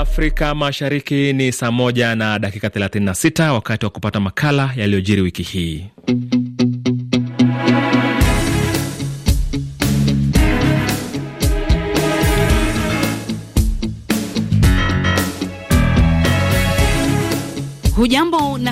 Afrika Mashariki ni saa moja na dakika 36, wakati wa kupata makala yaliyojiri wiki hii.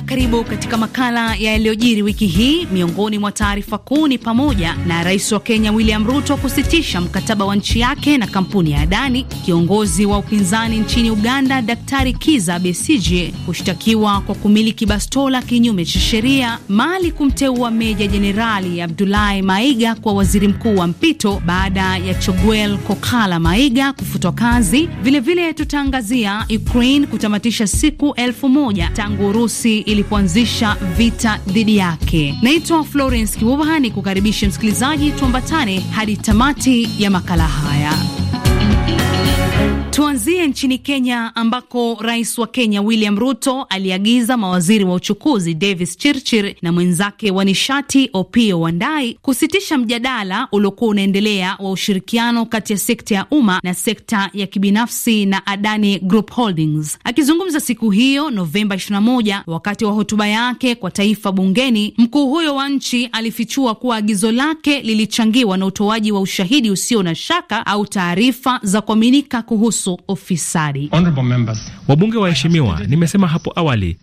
Karibu katika makala ya yaliyojiri wiki hii. Miongoni mwa taarifa kuu ni pamoja na rais wa Kenya William Ruto kusitisha mkataba wa nchi yake na kampuni ya Adani, kiongozi wa upinzani nchini Uganda Daktari Kiza Besije kushtakiwa kwa kumiliki bastola kinyume cha sheria, Mali kumteua meja jenerali Abdulahi Maiga kwa waziri mkuu wa mpito baada ya Choguel Kokala Maiga kufutwa kazi. Vilevile tutaangazia Ukraine kutamatisha siku elfu moja tangu Urusi ilipoanzisha vita dhidi yake. Naitwa Florence Kibuba, ni kukaribisha msikilizaji, tuambatane hadi tamati ya makala haya. Tuanzie nchini Kenya ambako rais wa Kenya William Ruto aliagiza mawaziri wa uchukuzi Davis Chirchir na mwenzake wa nishati Opiyo Wandai kusitisha mjadala uliokuwa unaendelea wa ushirikiano kati ya sekta ya umma na sekta ya kibinafsi na Adani Group Holdings. Akizungumza siku hiyo Novemba 21 wakati wa hotuba yake kwa taifa bungeni, mkuu huyo wa nchi alifichua kuwa agizo lake lilichangiwa na utoaji wa ushahidi usio na shaka au taarifa za kuaminika kuhusu ufisadi. Wabunge waheshimiwa, nimesema hapo awali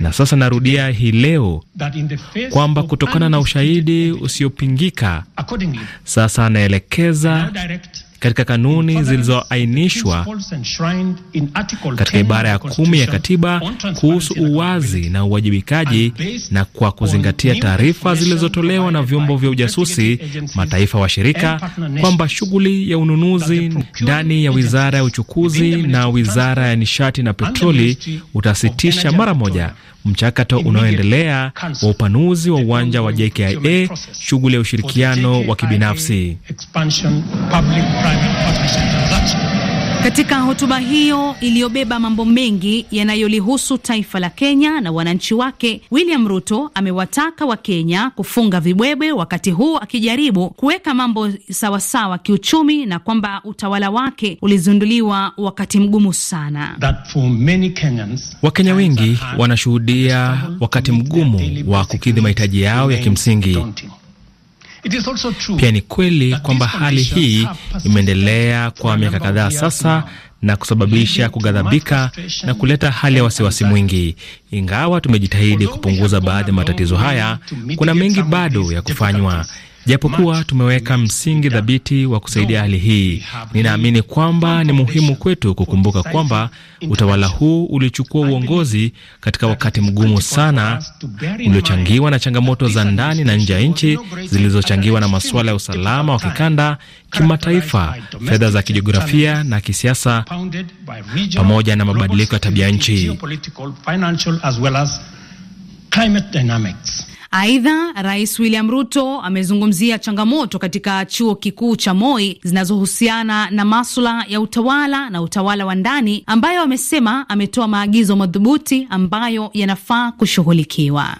na sasa narudia hii leo kwamba kutokana na ushahidi usiopingika, sasa anaelekeza katika kanuni zilizoainishwa katika ibara ya kumi ya katiba kuhusu uwazi na uwajibikaji, na kwa kuzingatia taarifa zilizotolewa na vyombo vya ujasusi mataifa washirika kwamba shughuli ya ununuzi ndani ya wizara ya uchukuzi na wizara ya nishati na petroli utasitisha mara moja mchakato unaoendelea wa upanuzi wa uwanja wa JKIA, shughuli ya ushirikiano wa kibinafsi. Katika hotuba hiyo iliyobeba mambo mengi yanayolihusu taifa la Kenya na wananchi wake, William Ruto amewataka Wakenya kufunga vibwebwe, wakati huu akijaribu kuweka mambo sawasawa sawa kiuchumi, na kwamba utawala wake ulizinduliwa wakati mgumu sana. Wakenya wengi wanashuhudia wakati mgumu wa kukidhi mahitaji yao ya kimsingi. Pia ni kweli kwamba hali hii imeendelea kwa miaka kadhaa sasa na kusababisha kughadhabika na kuleta hali ya wasiwasi mwingi. Ingawa tumejitahidi kupunguza baadhi ya matatizo haya, kuna mengi bado ya kufanywa. Japokuwa tumeweka msingi thabiti wa kusaidia hali hii, ninaamini kwamba ni muhimu kwetu kukumbuka kwamba utawala huu ulichukua uongozi katika wakati mgumu sana uliochangiwa na changamoto za ndani na nje ya nchi zilizochangiwa na masuala ya usalama wa kikanda, kimataifa, fedha za kijiografia na kisiasa, pamoja na mabadiliko ya tabia nchi. Aidha, Rais William Ruto amezungumzia changamoto katika chuo kikuu cha Moi zinazohusiana na maswala ya utawala na utawala wa ndani, ambayo amesema ametoa maagizo madhubuti ambayo yanafaa kushughulikiwa.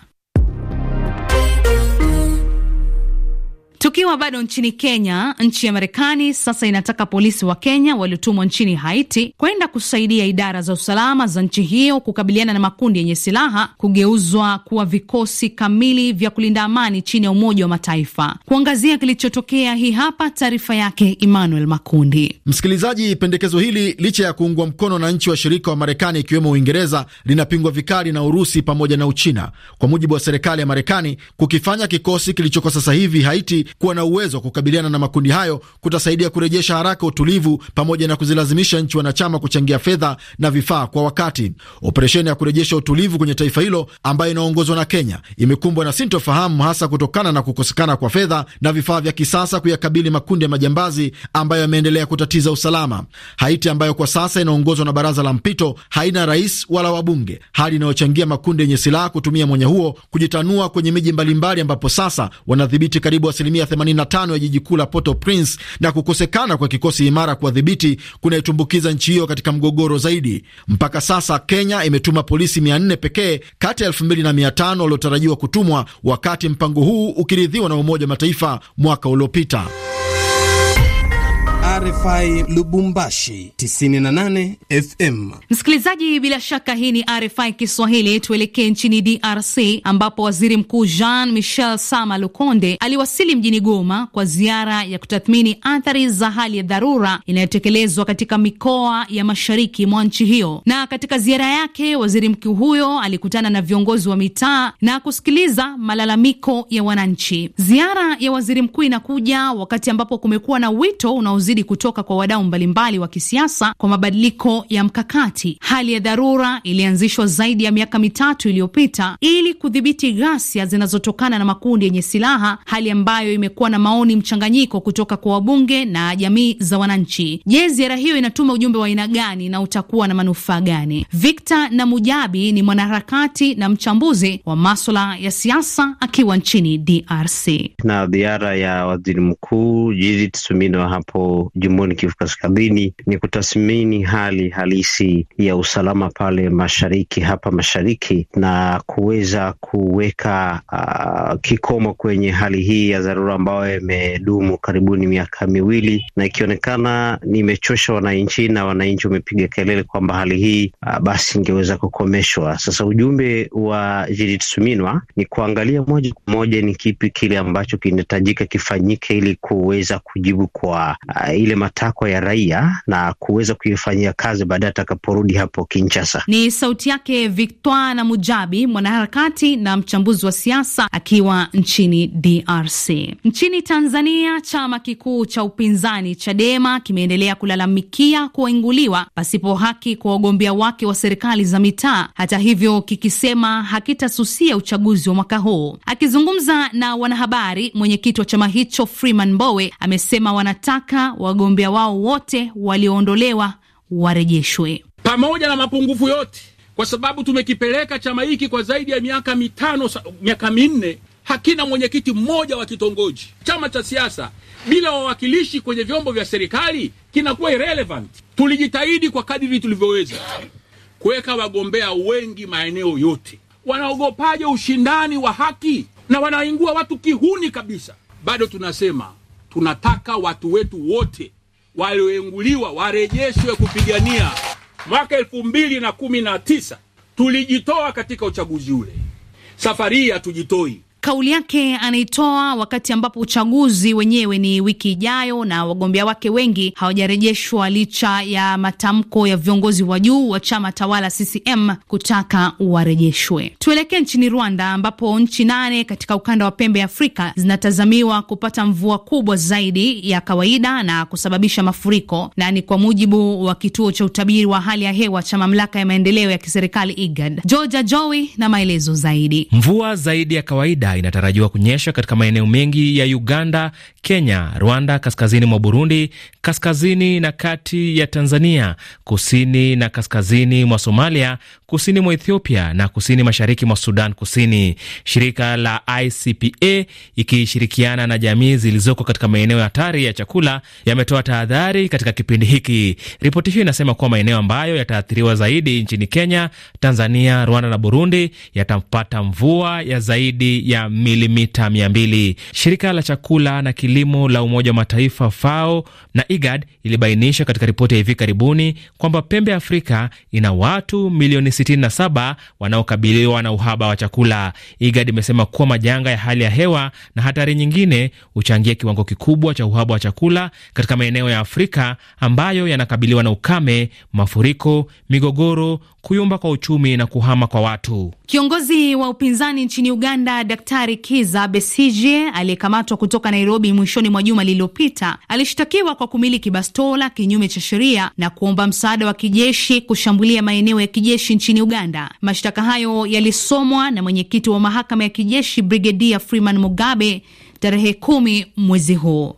Tukiwa bado nchini Kenya, nchi ya Marekani sasa inataka polisi wa Kenya waliotumwa nchini Haiti kwenda kusaidia idara za usalama za nchi hiyo kukabiliana na makundi yenye silaha kugeuzwa kuwa vikosi kamili vya kulinda amani chini ya Umoja wa Mataifa. Kuangazia kilichotokea, hii hapa taarifa yake Emmanuel Makundi. Msikilizaji, pendekezo hili licha ya kuungwa mkono na nchi washirika wa Marekani ikiwemo Uingereza linapingwa vikali na Urusi pamoja na Uchina. Kwa mujibu wa serikali ya Marekani, kukifanya kikosi kilichoko sasa hivi Haiti kuwa na uwezo wa kukabiliana na makundi hayo kutasaidia kurejesha haraka utulivu pamoja na kuzilazimisha nchi wanachama kuchangia fedha na vifaa kwa wakati. Operesheni ya kurejesha utulivu kwenye taifa hilo ambayo inaongozwa na Kenya imekumbwa na sintofahamu, hasa kutokana na kukosekana kwa fedha na vifaa vya kisasa kuyakabili makundi ya majambazi ambayo yameendelea kutatiza usalama. Haiti ambayo kwa sasa inaongozwa na baraza la mpito haina rais wala wabunge, hali inayochangia makundi yenye silaha kutumia mwenye huo kujitanua kwenye miji mbalimbali, ambapo sasa wanadhibiti karibu asilimia asilimia 85 ya jiji kuu la Porto prince na kukosekana kwa kikosi imara kuwadhibiti kunaitumbukiza nchi hiyo katika mgogoro zaidi. Mpaka sasa Kenya imetuma polisi 400 pekee kati ya 2500 waliotarajiwa kutumwa, wakati mpango huu ukiridhiwa na Umoja wa Mataifa mwaka uliopita. RFI Lubumbashi 98 FM. Msikilizaji, bila shaka hii ni RFI Kiswahili. Tuelekee nchini DRC ambapo Waziri Mkuu Jean Michel Sama Lukonde aliwasili mjini Goma kwa ziara ya kutathmini athari za hali ya dharura inayotekelezwa katika mikoa ya mashariki mwa nchi hiyo. Na katika ziara yake, waziri mkuu huyo alikutana na viongozi wa mitaa na kusikiliza malalamiko ya wananchi. Ziara ya waziri mkuu inakuja wakati ambapo kumekuwa na wito unaozidi ushahidi kutoka kwa wadau mbalimbali wa kisiasa kwa mabadiliko ya mkakati. Hali ya dharura ilianzishwa zaidi ya miaka mitatu iliyopita ili kudhibiti ghasia zinazotokana na makundi yenye silaha, hali ambayo imekuwa na maoni mchanganyiko kutoka kwa wabunge na jamii za wananchi. Je, ziara hiyo inatuma ujumbe wa aina gani na utakuwa na manufaa gani? Victor Namujabi ni mwanaharakati na mchambuzi wa maswala ya siasa akiwa nchini DRC. Na ziara ya waziri mkuu Judith Suminwa hapo Kivu, jimboni Kivu Kaskazini, ni kutathmini hali halisi ya usalama pale mashariki, hapa mashariki, na kuweza kuweka uh, kikomo kwenye hali hii ya dharura ambayo imedumu karibuni miaka miwili na ikionekana nimechosha wananchi na wananchi wamepiga kelele kwamba hali hii uh, basi ingeweza kukomeshwa. Sasa ujumbe wa Judith Suminwa ni kuangalia moja kwa moja ni kipi kile ambacho kinahitajika kifanyike ili kuweza kujibu kwa uh, ile matakwa ya raia na kuweza kuifanyia kazi baadaye atakaporudi hapo Kinshasa. Ni sauti yake Victoire na Mujabi, mwanaharakati na mchambuzi wa siasa akiwa nchini DRC. Nchini Tanzania, chama kikuu cha upinzani Chadema kimeendelea kulalamikia kuinguliwa pasipo haki kwa wagombea wake wa serikali za mitaa, hata hivyo kikisema hakitasusia uchaguzi wa mwaka huu. Akizungumza na wanahabari, mwenyekiti wa chama hicho Freeman Mbowe amesema wanataka wa wagombea wao wote walioondolewa warejeshwe, pamoja na mapungufu yote, kwa sababu tumekipeleka chama hiki kwa zaidi ya miaka mitano, miaka minne hakina mwenyekiti mmoja wa kitongoji. Chama cha siasa bila wawakilishi kwenye vyombo vya serikali kinakuwa irrelevant. Tulijitahidi kwa kadiri tulivyoweza kuweka wagombea wengi maeneo yote. Wanaogopaje ushindani wa haki na wanaingua watu kihuni kabisa? Bado tunasema Tunataka watu wetu wote walioenguliwa warejeshwe kupigania. Mwaka elfu mbili na kumi na tisa tulijitoa katika uchaguzi ule, safari hii hatujitoi. Kauli yake anaitoa wakati ambapo uchaguzi wenyewe ni wiki ijayo na wagombea wake wengi hawajarejeshwa licha ya matamko ya viongozi wa juu wa chama tawala CCM kutaka warejeshwe. Tuelekee nchini Rwanda ambapo nchi nane katika ukanda wa pembe ya Afrika zinatazamiwa kupata mvua kubwa zaidi ya kawaida na kusababisha mafuriko, na ni kwa mujibu wa kituo cha utabiri wa hali ya hewa cha mamlaka ya maendeleo ya kiserikali IGAD. Georgia joi na maelezo zaidi. Mvua zaidi ya kawaida Inatarajiwa kunyesha katika maeneo mengi ya Uganda, Kenya, Rwanda, kaskazini mwa Burundi, kaskazini na kati ya Tanzania, kusini na kaskazini mwa Somalia, kusini mwa Ethiopia na kusini mashariki mwa Sudan Kusini. Shirika la ICPA ikishirikiana na jamii zilizoko katika maeneo hatari ya chakula yametoa tahadhari katika kipindi hiki. Ripoti hiyo inasema kuwa maeneo ambayo yataathiriwa zaidi nchini Kenya, Tanzania, Rwanda na Burundi yatapata mvua ya zaidi ya milimita 200. Shirika la chakula na kilimo la Umoja wa Mataifa FAO na IGAD ilibainisha katika ripoti ya hivi karibuni kwamba pembe ya Afrika ina watu milioni 67 wanaokabiliwa na uhaba wa chakula. IGAD imesema kuwa majanga ya hali ya hewa na hatari nyingine huchangia kiwango kikubwa cha uhaba wa chakula katika maeneo ya Afrika ambayo yanakabiliwa na ukame, mafuriko, migogoro kuyumba kwa uchumi na kuhama kwa watu. Kiongozi wa upinzani nchini Uganda, Daktari Kiza Besije, aliyekamatwa kutoka Nairobi mwishoni mwa juma lililopita, alishtakiwa kwa kumiliki bastola kinyume cha sheria na kuomba msaada wa kijeshi kushambulia maeneo ya kijeshi nchini Uganda. Mashtaka hayo yalisomwa na mwenyekiti wa mahakama ya kijeshi Brigedia Freeman Mugabe tarehe kumi mwezi huu.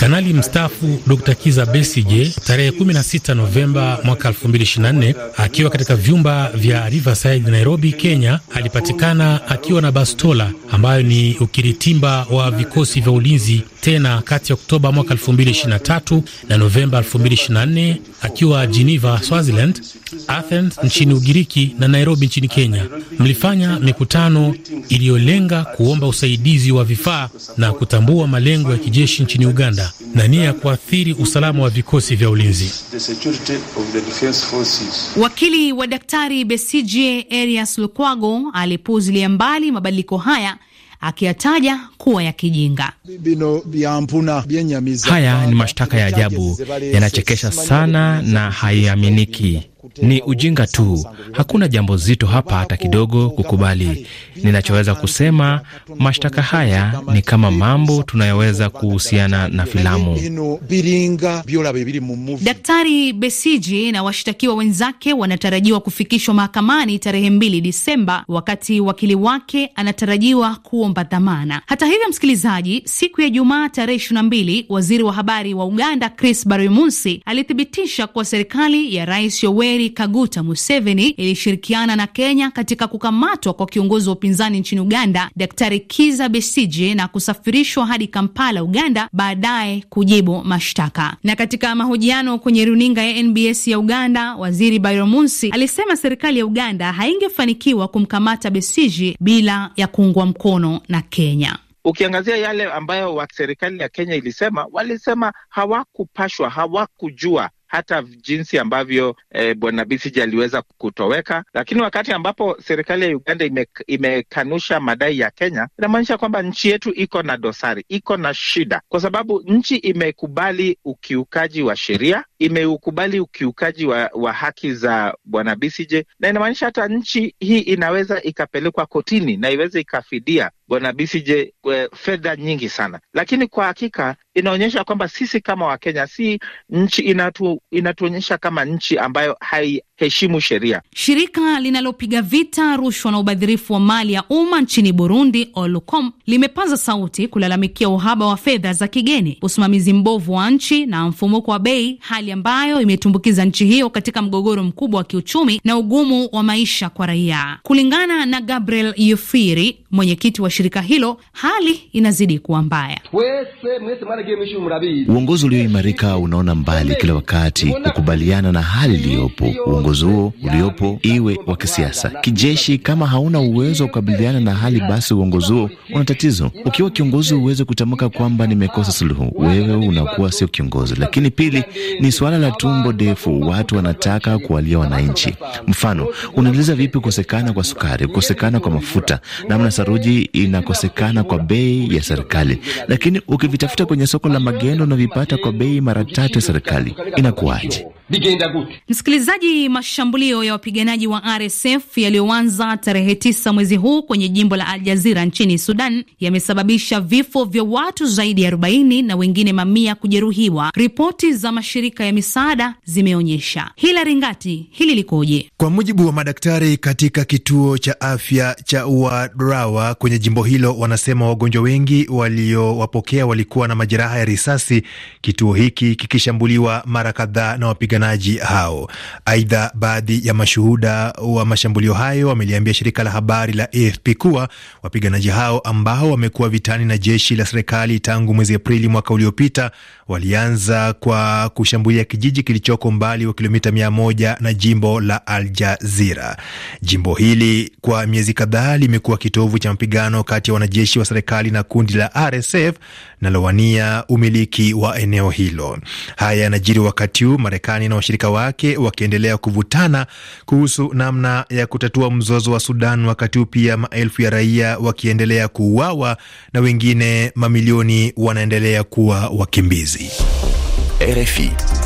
Kanali mstaafu Dr. Kiza Besije tarehe 16 Novemba mwaka 2024 akiwa katika vyumba vya Riverside, Nairobi, Kenya, alipatikana akiwa na bastola ambayo ni ukiritimba wa vikosi vya ulinzi, tena kati ya Oktoba mwaka 2023 na Novemba 2024 akiwa Geneva, Swaziland, Athens nchini Ugiriki na Nairobi nchini Kenya. Mlifanya mikutano iliyolenga kuomba usaidizi wa vifaa na kutambua malengo ya kijeshi nchini Uganda na nia ya kuathiri usalama wa vikosi vya ulinzi. Wakili wa Daktari Besigye Erias Lukwago alipuuzilia mbali mabadiliko haya akiyataja kuwa ya kijinga. Haya ni mashtaka ya ajabu, yanachekesha sana na haiaminiki. Ni ujinga tu, hakuna jambo zito hapa hata kidogo kukubali. Ninachoweza kusema, mashtaka haya ni kama mambo tunayoweza kuhusiana na filamu. Daktari Besiji na washtakiwa wenzake wanatarajiwa kufikishwa mahakamani tarehe mbili Disemba, wakati wakili wake anatarajiwa kuomba dhamana. Hata hivyo, msikilizaji, siku ya Jumaa tarehe ishirini na mbili waziri wa habari wa Uganda Chris barmusi alithibitisha kuwa serikali ya Rais Yoweri Yoweri Kaguta Museveni ilishirikiana na Kenya katika kukamatwa kwa kiongozi wa upinzani nchini Uganda Daktari Kiza Besije na kusafirishwa hadi Kampala, Uganda, baadaye kujibu mashtaka. Na katika mahojiano kwenye runinga ya NBS ya Uganda, Waziri Bairomunsi alisema serikali ya Uganda haingefanikiwa kumkamata Besije bila ya kuungwa mkono na Kenya. Ukiangazia yale ambayo wa serikali ya Kenya ilisema, walisema hawakupashwa, hawakujua hata jinsi ambavyo eh, bwana Besigye aliweza kutoweka. Lakini wakati ambapo serikali ya Uganda ime, imekanusha madai ya Kenya, inamaanisha kwamba nchi yetu iko na dosari, iko na shida, kwa sababu nchi imekubali ukiukaji wa sheria, imeukubali ukiukaji wa, wa haki za bwana Besigye, na inamaanisha hata nchi hii inaweza ikapelekwa kotini na iweze ikafidia Bwana Bisije, fedha nyingi sana, lakini kwa hakika inaonyesha kwamba sisi kama Wakenya si nchi inatu, inatuonyesha kama nchi ambayo hai, heshimu sheria. Shirika linalopiga vita rushwa na ubadhirifu wa mali ya umma nchini Burundi, Olucom, limepaza sauti kulalamikia uhaba wa fedha za kigeni, usimamizi mbovu wa nchi na mfumuko wa bei, hali ambayo imetumbukiza nchi hiyo katika mgogoro mkubwa wa kiuchumi na ugumu wa maisha kwa raia. Kulingana na Gabriel Yufiri, mwenyekiti wa shirika hilo, hali inazidi kuwa mbaya. Uongozi ulioimarika unaona mbali kila wakati, kukubaliana na hali iliyopo uongozi huo uliopo, iwe wa kisiasa, kijeshi. Kama hauna uwezo wa kukabiliana na hali, basi uongozi huo una tatizo. Ukiwa kiongozi, uweze kutamka kwamba nimekosa suluhu, wewe unakuwa sio kiongozi. Lakini pili ni suala la tumbo ndefu, watu wanataka kuwalia wananchi. Mfano, unaeleza vipi kukosekana kwa sukari, kukosekana kwa mafuta, namna saruji inakosekana kwa bei ya serikali, lakini ukivitafuta kwenye soko la magendo unavipata kwa bei mara tatu ya serikali. Inakuwaje? bigenda gute? Msikilizaji, mashambulio ya wapiganaji wa RSF yaliyoanza tarehe tisa mwezi huu kwenye jimbo la Al Jazira nchini Sudan yamesababisha vifo vya watu zaidi ya 40 na wengine mamia kujeruhiwa, ripoti za mashirika ya misaada zimeonyesha. Hilari Ngati, hili likoje? Kwa mujibu wa madaktari katika kituo cha afya cha Wadrawa kwenye jimbo hilo, wanasema wagonjwa wengi waliowapokea walikuwa na majeraha ya risasi, kituo hiki kikishambuliwa mara kadhaa na wapiga wapiganaji hao. Aidha, baadhi ya mashuhuda wa mashambulio hayo wameliambia shirika la habari la AFP kuwa wapiganaji hao ambao wamekuwa vitani na jeshi la serikali tangu mwezi Aprili mwaka uliopita walianza kwa kushambulia kijiji kilichoko mbali wa kilomita mia moja na jimbo la Al Jazira. Jimbo hili kwa miezi kadhaa limekuwa kitovu cha mapigano kati ya wanajeshi wa serikali na kundi la RSF nalowania umiliki wa eneo hilo. Haya yanajiri wakati huu Marekani na washirika wake wakiendelea kuvutana kuhusu namna ya kutatua mzozo wa Sudan, wakati huu pia maelfu ya raia wakiendelea kuuawa na wengine mamilioni wanaendelea kuwa wakimbizi. RFI.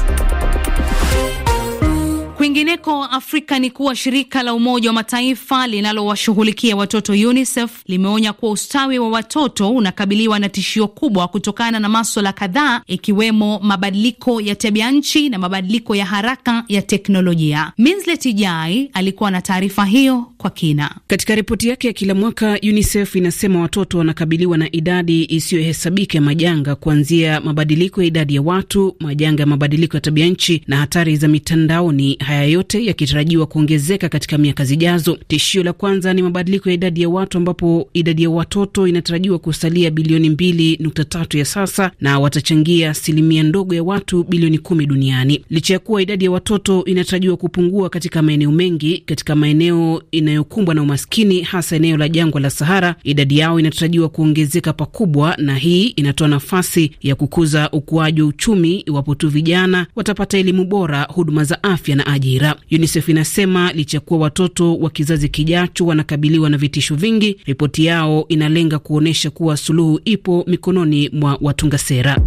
Kwingineko Afrika ni kuwa shirika la Umoja wa Mataifa linalowashughulikia watoto UNICEF limeonya kuwa ustawi wa watoto unakabiliwa na tishio kubwa kutokana na maswala kadhaa ikiwemo mabadiliko ya tabia nchi na mabadiliko ya haraka ya teknolojia. Minslet Ijai alikuwa na taarifa hiyo kwa kina. Katika ripoti yake ya kila mwaka, UNICEF inasema watoto wanakabiliwa na idadi isiyohesabika ya majanga, kuanzia mabadiliko ya idadi ya watu, majanga ya mabadiliko ya tabia nchi na hatari za mitandaoni haya yote yakitarajiwa kuongezeka katika miaka zijazo. Tishio la kwanza ni mabadiliko ya idadi ya watu, ambapo idadi ya watoto inatarajiwa kusalia bilioni mbili nukta tatu ya sasa na watachangia asilimia ndogo ya watu bilioni kumi duniani. Licha ya kuwa idadi ya watoto inatarajiwa kupungua katika maeneo mengi, katika maeneo inayokumbwa na umaskini, hasa eneo la jangwa la Sahara, idadi yao inatarajiwa kuongezeka pakubwa, na hii inatoa nafasi ya kukuza ukuaji wa uchumi iwapo tu vijana watapata elimu bora, huduma za afya na ajira ajira. UNICEF inasema licha kuwa watoto wa kizazi kijacho wanakabiliwa na vitisho vingi, ripoti yao inalenga kuonyesha kuwa suluhu ipo mikononi mwa watunga sera.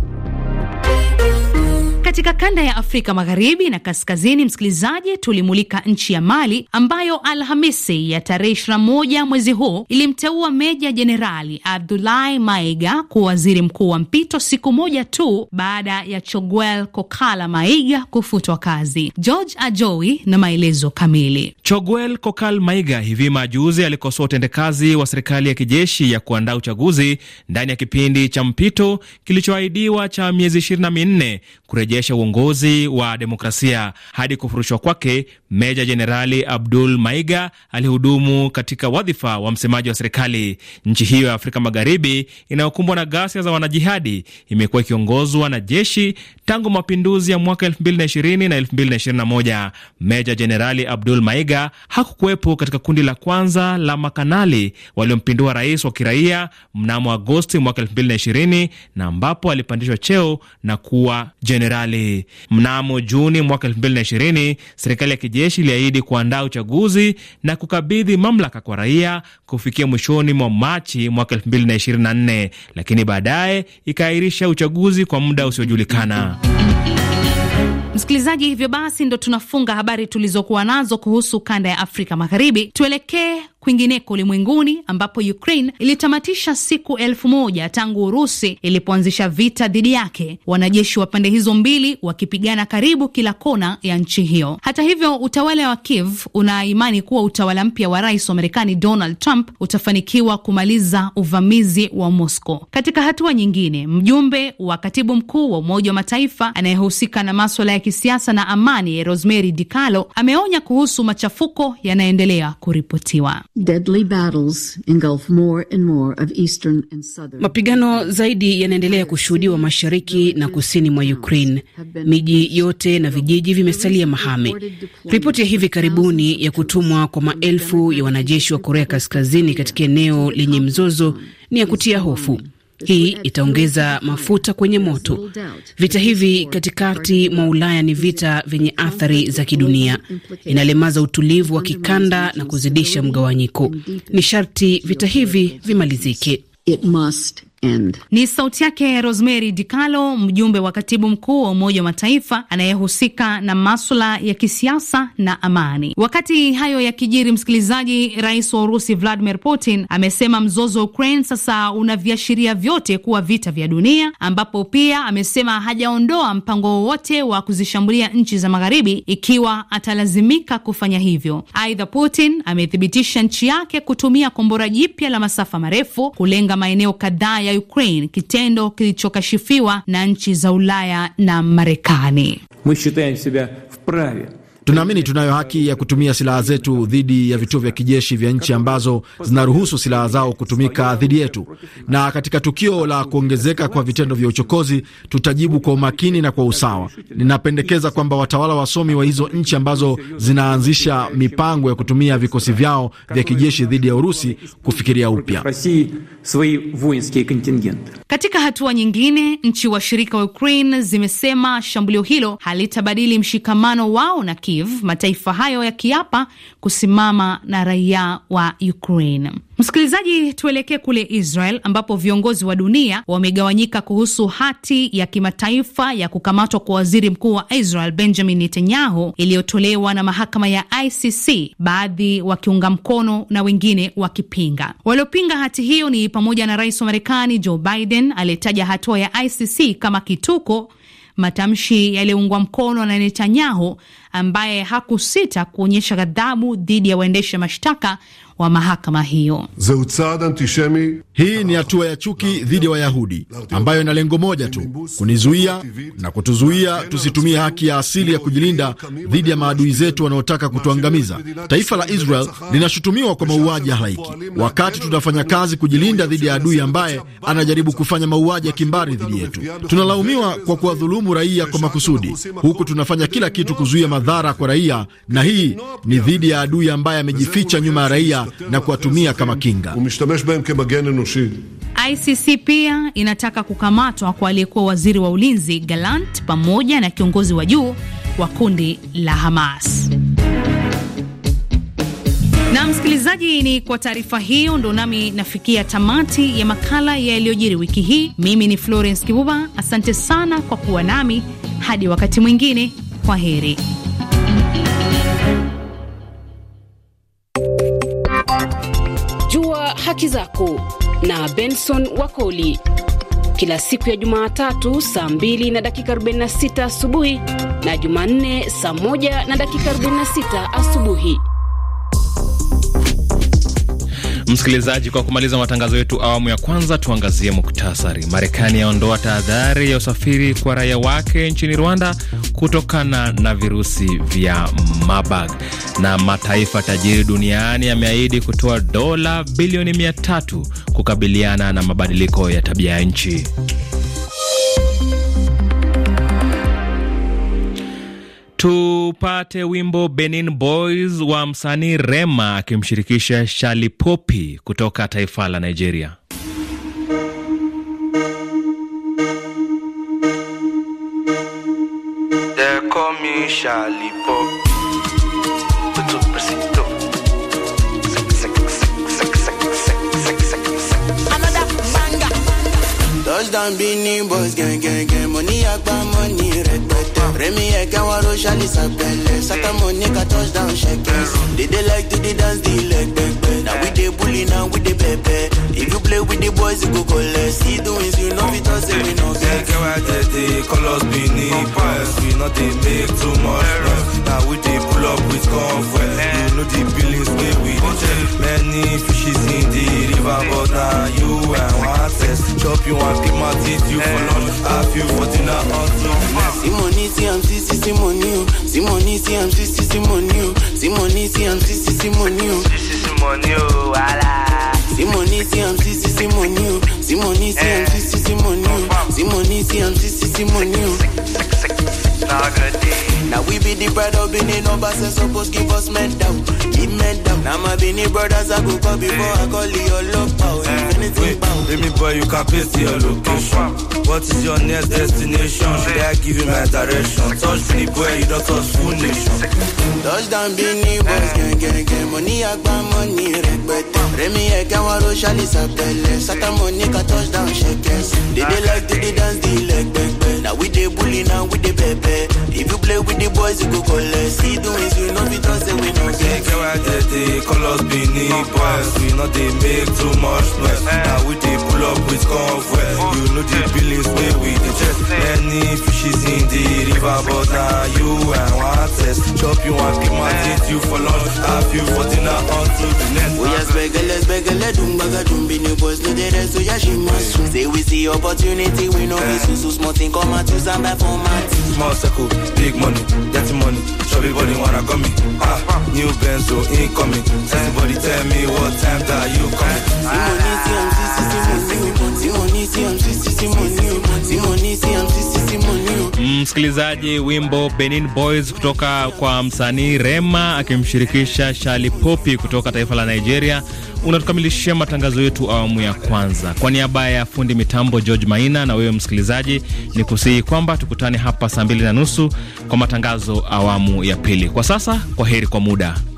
Katika kanda ya Afrika magharibi na kaskazini, msikilizaji, tulimulika nchi ya Mali ambayo Alhamisi ya tarehe 21 mwezi huu ilimteua meja jenerali abdulahi Maiga kuwa waziri mkuu wa mpito, siku moja tu baada ya Choguel Kokala Maiga kufutwa kazi. George ajoi na maelezo kamili. Choguel Kokal Maiga hivi majuzi alikosoa utendekazi wa serikali ya kijeshi ya kuandaa uchaguzi ndani ya kipindi cha mpito kilichoahidiwa cha miezi 24 kurejesha kurejesha uongozi wa demokrasia. Hadi kufurushwa kwake, Meja Jenerali Abdul Maiga alihudumu katika wadhifa wa msemaji wa serikali. Nchi hiyo ya Afrika Magharibi inayokumbwa na ghasia za wanajihadi imekuwa ikiongozwa na jeshi tangu mapinduzi ya mwaka 2020 na 2021. Meja Jenerali Abdul Maiga hakukuwepo katika kundi la kwanza la makanali waliompindua rais wa kiraia mnamo Agosti mwaka 2020 na ambapo alipandishwa cheo na kuwa jenerali serikali. Mnamo Juni mwaka 2020 serikali ya kijeshi iliahidi kuandaa uchaguzi na kukabidhi mamlaka kwa raia kufikia mwishoni mwa Machi mwaka 2024, lakini baadaye ikaahirisha uchaguzi kwa muda usiojulikana. Msikilizaji, hivyo basi ndo tunafunga habari tulizokuwa nazo kuhusu kanda ya Afrika Magharibi. Tuelekee kwingineko ulimwenguni ambapo Ukraine ilitamatisha siku elfu moja tangu Urusi ilipoanzisha vita dhidi yake, wanajeshi wa pande hizo mbili wakipigana karibu kila kona ya nchi hiyo. Hata hivyo, utawala wa Kiev una imani kuwa utawala mpya wa rais wa Marekani Donald Trump utafanikiwa kumaliza uvamizi wa Moscow. Katika hatua nyingine, mjumbe wa katibu mkuu wa Umoja wa Mataifa anayehusika na maswala ya kisiasa na amani Rosemary DiCarlo ameonya kuhusu machafuko yanayoendelea kuripotiwa. Mapigano zaidi yanaendelea kushuhudiwa mashariki na kusini mwa Ukraine. Miji yote na vijiji vimesalia mahame. Ripoti ya hivi karibuni ya kutumwa kwa maelfu ya wanajeshi wa Korea Kaskazini katika eneo lenye mzozo ni ya kutia hofu. Hii itaongeza mafuta kwenye moto. Vita hivi katikati mwa Ulaya ni vita vyenye athari za kidunia, inalemaza utulivu wa kikanda na kuzidisha mgawanyiko. Ni sharti vita hivi vimalizike. It must End. Ni sauti yake Rosemary DiCarlo, mjumbe wa katibu mkuu wa Umoja wa Mataifa anayehusika na maswala ya kisiasa na amani. Wakati hayo yakijiri, msikilizaji, rais wa Urusi Vladimir Putin amesema mzozo wa Ukraine sasa una viashiria vyote kuwa vita vya dunia, ambapo pia amesema hajaondoa mpango wowote wa kuzishambulia nchi za magharibi ikiwa atalazimika kufanya hivyo. Aidha, Putin amethibitisha nchi yake kutumia kombora jipya la masafa marefu kulenga maeneo kadhaa ya Ukraine, kitendo kilichokashifiwa na nchi za Ulaya na Marekani. Tunaamini tunayo haki ya kutumia silaha zetu dhidi ya vituo vya kijeshi vya nchi ambazo zinaruhusu silaha zao kutumika dhidi yetu, na katika tukio la kuongezeka kwa vitendo vya uchokozi tutajibu kwa umakini na kwa usawa. Ninapendekeza kwamba watawala wasomi wa hizo nchi ambazo zinaanzisha mipango ya kutumia vikosi vyao vya kijeshi dhidi ya Urusi kufikiria upya. Katika hatua nyingine, nchi washirika wa Ukraine zimesema shambulio hilo halitabadili mshikamano wao na ki Kiev, mataifa hayo yakiapa kusimama na raia wa Ukraine. Msikilizaji, tuelekee kule Israel ambapo viongozi wa dunia wamegawanyika kuhusu hati ya kimataifa ya kukamatwa kwa waziri mkuu wa Israel Benjamin Netanyahu iliyotolewa na mahakama ya ICC, baadhi wakiunga mkono na wengine wakipinga. Waliopinga hati hiyo ni pamoja na rais wa Marekani Joe Biden aliyetaja hatua ya ICC kama kituko matamshi yaliyoungwa mkono na Netanyahu ambaye hakusita kuonyesha ghadhabu dhidi ya waendesha mashtaka wa mahakama hiyo. Hii ni hatua ya chuki dhidi ya Wayahudi ambayo ina lengo moja tu, kunizuia na kutuzuia tusitumie haki ya asili ya kujilinda dhidi ya maadui zetu wanaotaka kutuangamiza. Taifa la Israel linashutumiwa kwa mauaji ya halaiki, wakati tunafanya kazi kujilinda dhidi ya adui ambaye anajaribu kufanya mauaji ya kimbari dhidi yetu. Tunalaumiwa kwa kuwadhulumu raia kwa makusudi, huku tunafanya kila kitu kuzuia madhara kwa raia, na hii ni dhidi ya adui ambaye amejificha nyuma ya raia na kuwatumia kama kinga. ICC pia inataka kukamatwa kwa aliyekuwa waziri wa ulinzi galant pamoja na kiongozi wa juu wa kundi la Hamas. Na msikilizaji, ni kwa taarifa hiyo ndo nami nafikia tamati ya makala yaliyojiri wiki hii. Mimi ni Florence Kibuba, asante sana kwa kuwa nami hadi wakati mwingine, kwa heri. haki zako na Benson Wakoli kila siku ya Jumatatu saa 2 na dakika 46 asubuhi na Jumanne saa 1 na dakika 46 asubuhi. Msikilizaji, kwa kumaliza matangazo yetu awamu ya kwanza, tuangazie muktasari. Marekani yaondoa tahadhari ya usafiri kwa raia wake nchini Rwanda kutokana na virusi vya Marburg, na mataifa tajiri duniani yameahidi kutoa dola bilioni mia tatu kukabiliana na mabadiliko ya tabia ya nchi. Tupate wimbo Benin Boys wa msanii Rema akimshirikisha Shali Popi kutoka taifa la Nigeria. Touchdown Benin Boys, gang gang gang, money money red Remy Eka Waro Shali Sapele Saka Monica touchdown shakers They they like to the dance the leg back back Now we the bully now we they pepe If you play with the boys you go collect He doings you know we just say we know no get Eka Waro Colors be need We not make too much chop you want keep my teeth you for lunch have you for dinner or see money see i am see see oh. see money see money see i am see see see money see money oh. see i am see see see money see see see money oh wala see money see i am see see oh. see money see money see i am see see see money see money see i am see see see money Nah, good. Now we be the pride of Bini, no bosses suppose give us men down, give men down. Now my Bini brothers I go call before I call your love power, eh, anything power. Baby boy, you can paste your location. What is your next destination? Should I give you my direction? Touch me boy, you don't touch full nation. Touchdown Bini boys, eh. gang gang gang, money I got money, Remi, I can waro shali sapele, sata money touch down, shake They they like they the dance, they like back Now we they bully, now we they pepe. If you play with the boys, you go collect. See do ways you know we trust say we know get. Girl, I get the colors beneath price. We not they make too much noise. Now we they pull up with comfort. You know the feelings where we the chest. Many fishes in the river, but now you and one test. Chop you and pick my teeth, you for lunch. Have you for dinner to the next. We oh, are beggarless, beggarless, dumbaga, dumbini boys. No, they rest, so yeah, she must. Say we see opportunity, we know we So small thing, come out, use and buy for my Small circle. big money, dirty money. So everybody wanna got me. Ah, new Benzo incoming. Everybody tell me what time that you come. Simoni, Msikilizaji, wimbo Benin Boys kutoka kwa msanii Rema akimshirikisha Shali Popi kutoka taifa la Nigeria unatukamilishia matangazo yetu awamu ya kwanza. Kwa niaba ya fundi mitambo George Maina na wewe msikilizaji, ni kusihi kwamba tukutane hapa saa mbili na nusu kwa matangazo awamu ya pili. Kwa sasa, kwa heri kwa muda.